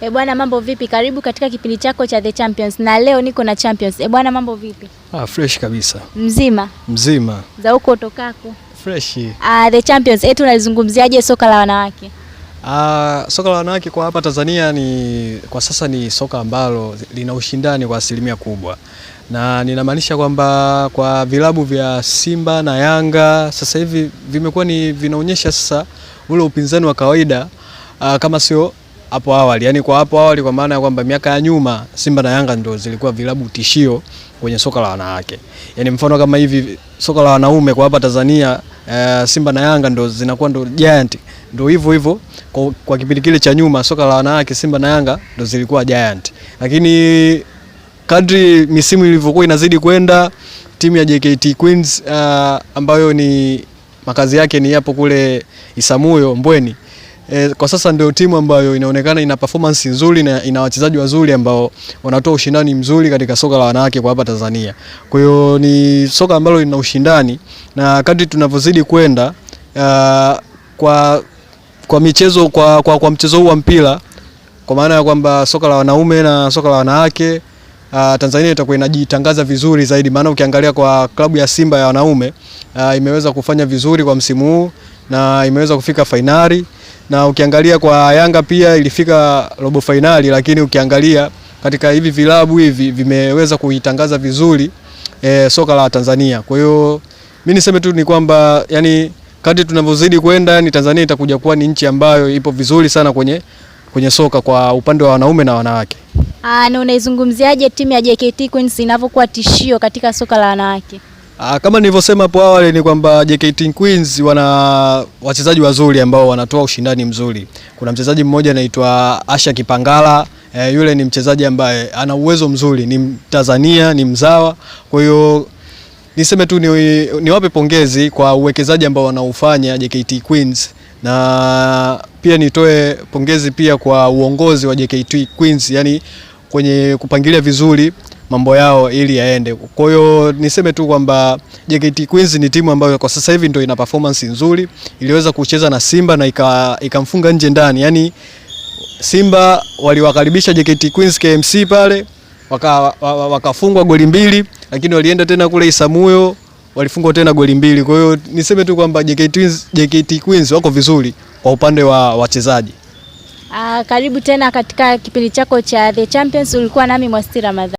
E bwana, mambo vipi? Karibu katika kipindi chako cha The Champions na leo niko na Champions. E bwana, mambo vipi? Ah, fresh kabisa. Mzima mzima. Za huko utokako? Fresh. Ah, The Champions Eh, tunalizungumziaje soka la wanawake? Ah, soka la wanawake kwa hapa Tanzania ni kwa sasa ni soka ambalo lina ushindani kwa asilimia kubwa, na ninamaanisha kwamba kwa vilabu vya Simba na Yanga sasa hivi vimekuwa ni vinaonyesha sasa ule upinzani wa kawaida, ah, kama sio hapo awali, yani kwa hapo awali, kwa maana ya kwamba miaka ya nyuma Simba na Yanga ndio zilikuwa vilabu tishio kwenye soka la wanawake. Yani mfano kama hivi soka la wanaume kwa hapa Tanzania uh, Simba na Yanga ndio zinakuwa ndio giant, ndio hivyo hivyo kwa, kwa kipindi kile cha nyuma soka la wanawake Simba na Yanga ndio zilikuwa giant, lakini kadri misimu ilivyokuwa inazidi kwenda timu ya JKT Queens uh, ambayo ni makazi yake ni yapo kule Isamuyo Mbweni e, kwa sasa ndio timu ambayo inaonekana ina performance nzuri na ina wachezaji wazuri ambao wanatoa ushindani mzuri katika soka la wanawake kwa hapa Tanzania. Kwa hiyo ni soka ambalo lina ushindani na kadri tunavyozidi kwenda uh, kwa kwa michezo kwa, kwa, kwa mchezo huu wa mpira kwa maana ya kwamba soka la wanaume na soka la wanawake Uh, Tanzania itakuwa inajitangaza vizuri zaidi, maana ukiangalia kwa klabu ya Simba ya wanaume uh, imeweza kufanya vizuri kwa msimu huu na imeweza kufika fainali na ukiangalia kwa Yanga pia ilifika robo fainali, lakini ukiangalia katika hivi vilabu hivi vimeweza kuitangaza vizuri e, soka la Tanzania. Kwa hiyo mimi niseme tu ni kwamba yani kadri tunavyozidi kwenda ni Tanzania itakuja kuwa ni nchi ambayo ipo vizuri sana kwenye kwenye soka kwa upande wa wanaume na wanawake. Ah, na unaizungumziaje timu ya JKT Queens inavyokuwa tishio katika soka la wanawake? Aa, ah, kama nilivyosema hapo awali ni kwamba JKT Queens wana wachezaji wazuri ambao wanatoa ushindani mzuri. Kuna mchezaji mmoja anaitwa Asha Kipangala. E, yule ni mchezaji ambaye ana uwezo mzuri, ni Mtanzania, ni mzawa. Kwa hiyo niseme tu ni, niwape pongezi kwa uwekezaji ambao wanaufanya JKT Queens na pia nitoe pongezi pia kwa uongozi wa JKT Queens yani kwenye kupangilia vizuri mambo yao ili yaende. Kwa hiyo niseme tu kwamba JKT Queens ni timu ambayo kwa sasa hivi ndio ina performance nzuri, iliweza kucheza na Simba na ikamfunga ika nje ndani, Yaani Simba waliwakaribisha JKT Queens KMC pale wakafungwa waka goli mbili, lakini walienda tena kule Isamuyo walifungwa tena goli mbili. Kwa hiyo niseme tu kwamba JKT JKT Queens wako vizuri kwa upande wa wachezaji. Ah, karibu tena katika kipindi chako cha The Champions. Ulikuwa nami Mwasiti Ramadhani.